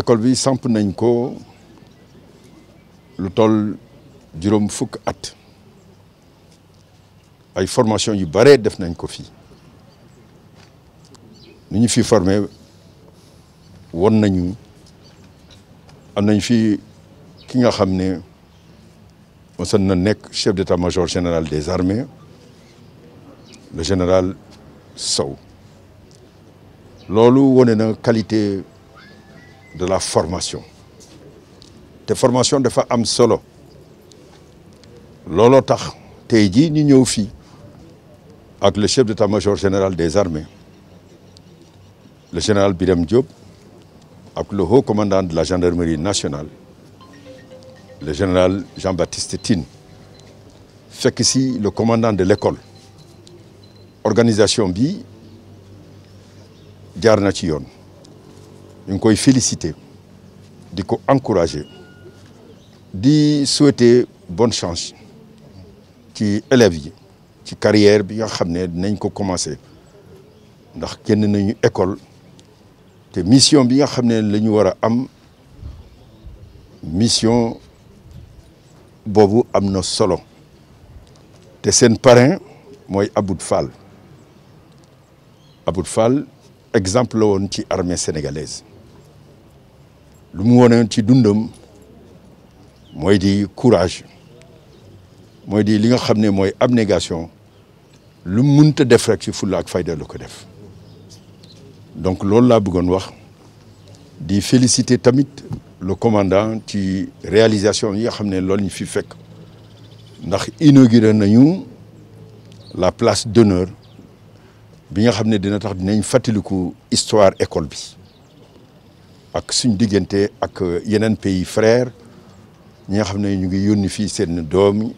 école bi samp nañ ko lu toll juróom at ay formation yu bare def nañ ko fii ni ñu fi formé won nañu am nañ fi ki nga xamné ne mosoon na chef d'état-major général des armées le général Sow lolu woné na qualité de la formation des formation de femmes solo Lolo tax ...ce le chef d'état-major général des armées le général Birem Diop ...avec le haut commandant de la gendarmerie nationale le général Jean-Baptiste Tin, fait ici le commandant de l'école organisation B, djarnachion ñu koy féliciter di ko encourager di souhaiter bonne chance ci élève yi ci carrière bi nga xamné dinañ ko commencer ndax kenn nañu école té mission bi nga xamné lañu wara am mission boobu am na solo té sen parrain moy Aboud Fall Aboud Fall exemple won ci armée sénégalaise lu mu wone ci dundam mooy di courage mooy di li nga xam ne mooy abnégation lu munta def rek ci fulla ak fayda la ko def donc loolu laa bëggoon wax di féliciter tamit le commandant ci réalisation yi nga xam ne loolu ñu fi fekk ndax inauguré nañu la place d'honneur bi nga xam ne dina tax dinañ fàttaliku histoire école bi ak suñ ak euh, yeneen pays frères ñi nga xam ne ñu ngi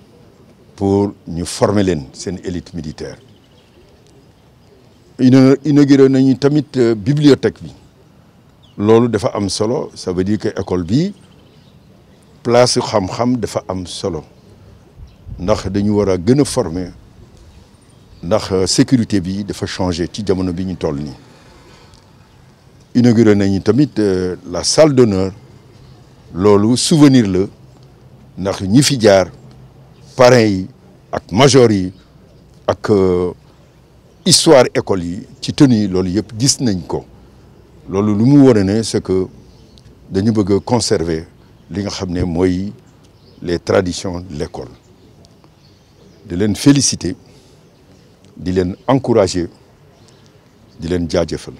pour ñu former leen élite militaire inauguré nañu tamit euh, bibliothèque bi loolu dafa am solo ça veut dire que école bi place xam-xam dafa am solo ndax dañu war a former ndax euh, sécurité bi dafa changer ti jamono bi ñu toll inauguré nañu tamit euh, la salle d'honneur loolu souvenir le, notre ñi fi jaar parrain ak major ak euh, histoire école yi ci tenue yi loolu yëpp gis nañ ko loolu lu mu c'est que de bëgg a conserver li nga les traditions de l'école di leen féliciter di leen encourager di leen jaajëfal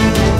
Thank you.